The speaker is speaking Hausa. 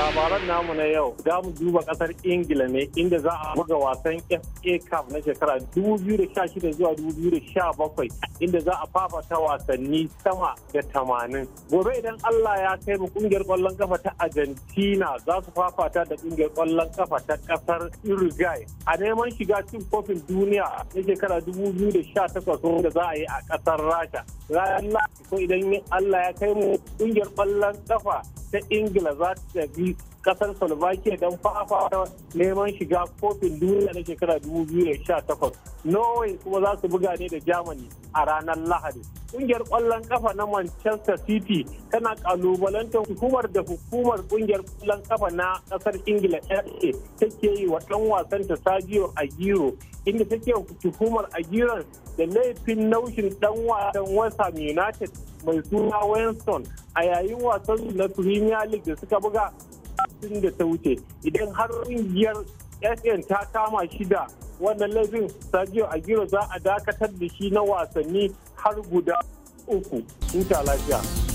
labaran namu na yau za mu duba kasar ingila ne inda za a buga wasan fa cup na shekara 2016 zuwa 2017 inda za a fafata wasanni sama da tamanin. gobe idan allah ya kai mu kungiyar kwallon kafa ta argentina za su fafata da kungiyar kwallon kafa ta kasar uruguay a neman shiga cin kofin duniya na shekara 2018 da za a yi a kasar rasha ranar lahadi ko idan allah ya kai mu kungiyar ƙwallon ƙafa ta ingila za ta tafi kasar slovakia don fafa neman shiga kofin duniya na shekara 2018 norway kuma za su buga ne da germany a ranar lahadi kungiyar kwallon kafa na Manchester City tana kalubalantar hukumar da hukumar kungiyar kwallon kafa na kasar Ingila FA take yi wa dan wasan ta a giro inda take tuhumar Aguero da laifin naushin dan wasan wasa United mai suna Winston a yayin wasan na Premier League da suka buga da ta wuce idan har kungiyar fa ta kama shida wannan laifin Sadio Aguero za a dakatar da shi na wasanni har guda uku. Huta lafiya.